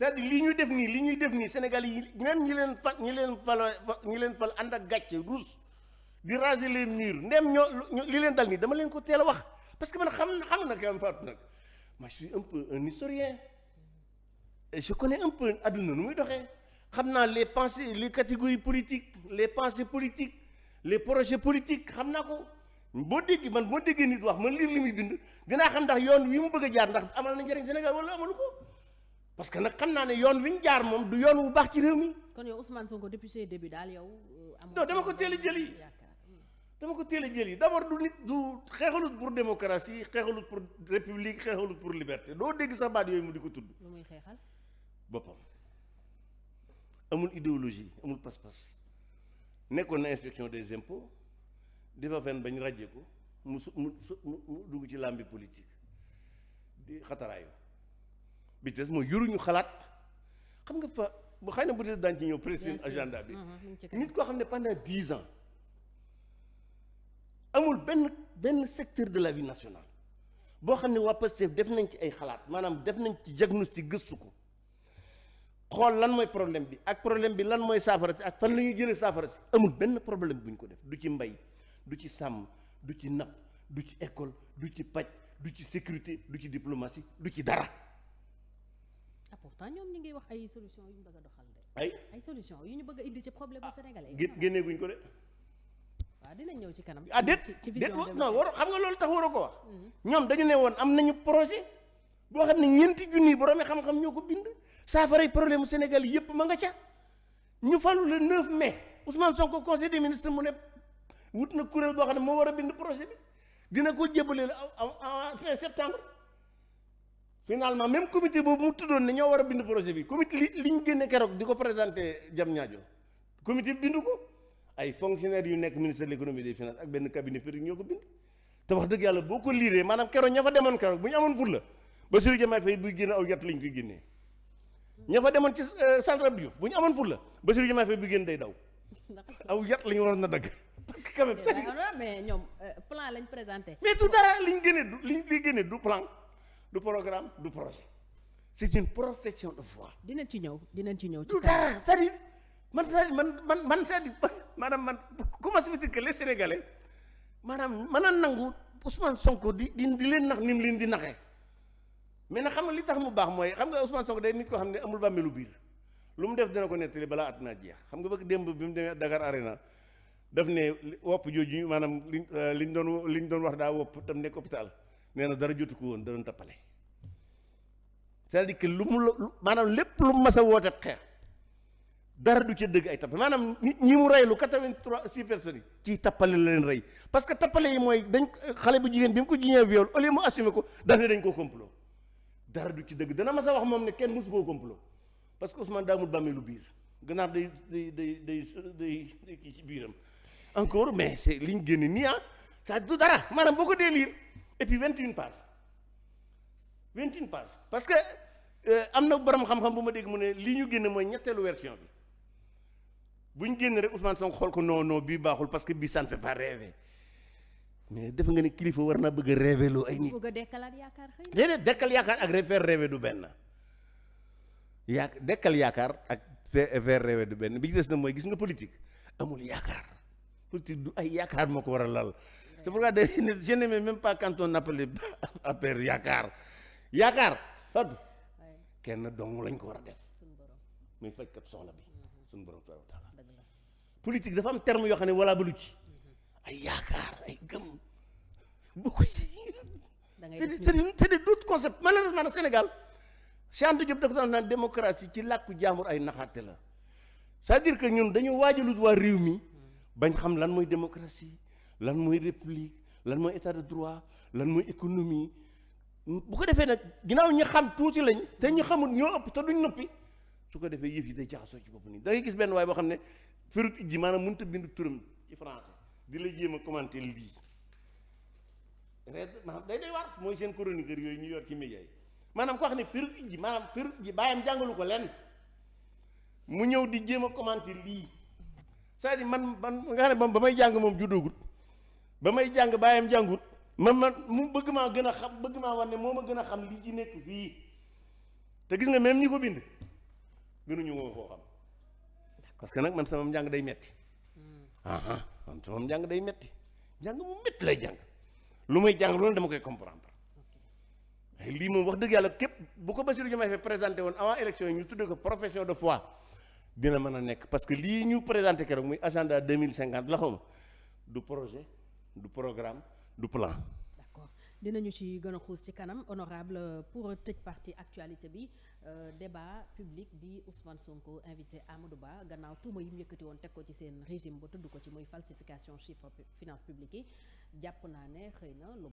c'est-à-dire li ñuy def nii li ñuy def nii Sénégal yi même ñi leen fal ñi leen fal ñi leen fal ànd ak gàcce ruus di raser les murs ndem ñoo li leen dal nii dama leen ko teel wax parce que man xam xam na kam faatu nag ma je suis un peu un historien et je connais un peu adduna nu muy doxee xam naa les pensées les catégories politique les pensées politique les projet politiques xam naa ko boo déggee man boo déggee nit wax man lire li muy bind dinaa xam ndax yoon wi mu bëgg a jaar ndax amal na njëriñ Sénégal wala amalu parce que nag xam naa ne yoon wi ñu jaar moom du yoon wu baax ci réew mi. kon yow Ousmane Sonko depuis ses débuts daal yow. Euh, non dama ko teel a jëli dama ko teel a jëli d' abord du nit du xeexalut pour démocratie xeexalut pour république xeexalut pour liberté doo dégg sa baat yooyu mu di ko tudd. lu xeexal boppam. amul idéologie amul pas-pas nekkoon na inspection des impôts di fa fen bañ ràjjee ko mu su mu dugg ci làmbi politique di xataraayu bi ci des mooy yoruñu xalaat xam nga fa bu xëy na bu dee daan ci ñëw précise agenda bi nit koo xam ne pendant dix ans amul benn benn secteur de la vie nationale boo xam ne waa Pastef def nañ ci ay xalaat maanaam def nañ ci ci gëstu ko xool lan mooy problème bi ak problème bi lan mooy saafara si ak fan la ñuy jëlee saafara si amul benn problème bu ñu ko def du ci mbay du ci sàmm du ci napp du ci école du ci paj du ci sécurité du ci diplomatie du ci dara pourtant ñoom ñu ngi wax ay solution yu ñu bëgg a doxal de. ay ay solution yu ñu bëgg a indi ci problème bu sénégalais. génne guñ ko de. waaw dinañ ñëw ci kanam. ah déet déet non war xam nga loolu tax waroo ko wax. Mm-hmm. ñoom dañu ne woon am nañu projet. boo xam ne ñeenti junni boroomi xam-xam ñoo ko bind saafara problème mu Sénégal yëpp ma nga ca ñu falu le 9 mai Ousmane Sonko conseil des ministres mu ne wut na kuréel goo xam ne moo war a bind projet bi dina ko jébale la en fin septembre. finalement même comité boobu mu tuddoon ne ñoo war a bind projet bi comité li li ñu génne keroog di ko présenté jam ñaajo comité bi ko ay fonctionnaires yu nekk ministère de l'économie des finances ak benn cabinet public ñoo ko bind te wax dëgg yàlla boo ko liiree maanaam keroog ña fa demoon keroog bu ñu amoon ful la Bassirou Diomaye Faye buy génn aw yat lañ koy génnee ña fa demoon ci euh, centre Abdou Diouf bu ñu amoon ful la Bassirou Diomaye Faye buy génn day daw aw yat la ñu waroon na dagg parce que quand même mais ñoom euh, plan lañ présenté du liñ li génne du programme du projet c'est une profession de foi. dinañ ci ñëw dinañ ci ñëw. du dara c'est-à-dire man c'est-à-dire man man man c'est-à-dire maanaam man comment se fait-il que les Sénégalais maanaam mën a nangu Ousmane Sonko di di di leen nax ni mu leen di naxee mais nag xam nga li tax mu baax mooy xam nga Ousmane Sonko day nit koo xam ne amul bàmmeelu biir lu mu def dina ko nettali balaa at naa jeex xam nga bëgg démb bi mu demee Dakar Arena daf ne wopp jooju maanaam liñ euh, liñ doon liñ doon wax daa wopp tam nekk hôpital. nee na dara jotu ko woon dara tappale c'est-à-dire lu mu la maanaam lépp lu mu mas a woote xeex dara du ca dëgg ay tappale maanaam nit ñi mu rey lu quatre vingt ci tappale la leen rey parce que tappale yi mooy dañ xale bu jigéen bi mu ko jiñee viol au lieu mu assumer ko daf ne dañ koo complot dara du ci dëgg dana mas a wax moom ne kenn musu koo complot parce que Ousmane daamul bàmmee lu biir ganaar day day day day day kii ci biiram encore mais c'est liñ génn nii ah ça du dara maanaam boo ko dee liir et puis vingt une pages vingt parce que euh, am na borom xam-xam bu ma dégg mu ne li ñu génne mooy ñetteelu version bi bu ñu génn rek Ousmane Sonko xool ko non non bi baaxul parce que bii ça ne fait pas rêver mais defe nga ne kilifa war naa bëgg a ay nit. bëgg yaakaar xëy déedéet dekkal yaakaar ak faire rêver du benn yaa dekkal yaakaar ak faire rêver du benn bi ci des na mooy gis nga politique amul yaakaar politique du ay yaakaar moo ko war a lal. C'est pourquoi je n'aimais même pas quand on appelait affaire yaakaar yaakaar Fadou. kenn dong lañ ko war a def. muy fajkat soxla bi. suñu borom subhanahu wa taala politique dafa am terme yoo xam ne wala ba lu ci. ay yaakaar ay gëm. bokku ci. da ngay def c'est c'est des d'autres concepts malheureusement nag Sénégal. Cheikh Anta Diop da ko doon naan démocratie ci làkku jaambur ay naxaate la sa à dire que ñun dañu waajalut waa réew mi bañ xam lan mooy démocratie. lan mooy république lan mooy état de droit lan mooy économie bu ko defee nag ginnaaw ñi xam tuuti lañ te ñu xamut ñoo ëpp te duñ noppi su ko defee yëf yi day jaxasoo ci bopp nii da gis benn waaye boo xam ne firut ji maanaam mënut bind turam ci di la jéem a commenter lii ret maanaam day day war mooy seen chroniqueur yooyu ñu yor ci média yi maanaam ko wax ne firut ji maanaam firut ji bàyyam jàngalu ko lenn mu ñëw di jéem a commenter lii saa à man man nga xam ne ba may jàng moom juddoogul ba may jàng bàyyam jàngut man man mu bëgg maa gën a xam bëgg maa wane moo ma gën a xam li ci nekk fii te gis nga même ñi ko bind gënuñu woo koo xam parce que nag man sama njàng day metti hmm. ah, ah man sama njàng day metti njàng mu métti lay jàng lu may jàng loolu dama koy comprendre lii moom wax dëgg yàlla képp bu ko Bassirou Diomaye Faye présenté woon avant élection yi ñu tuddee ko profession de fois dina mën a nekk parce que lii ñu présenté keroog muy agenda deux mille cinquante la ma du projet du programme du plan. dina ñu ci gën a xuus ci kanam honorable pour tëj parti actualité bi euh, débat public bi Ousmane Sonko invité Amadou Ba gannaaw tuuma yi mu yëkkati woon teg ko ci seen régime ba tudd ko ci muy falsification chiffre finance publique yi jàpp naa ne xëy na.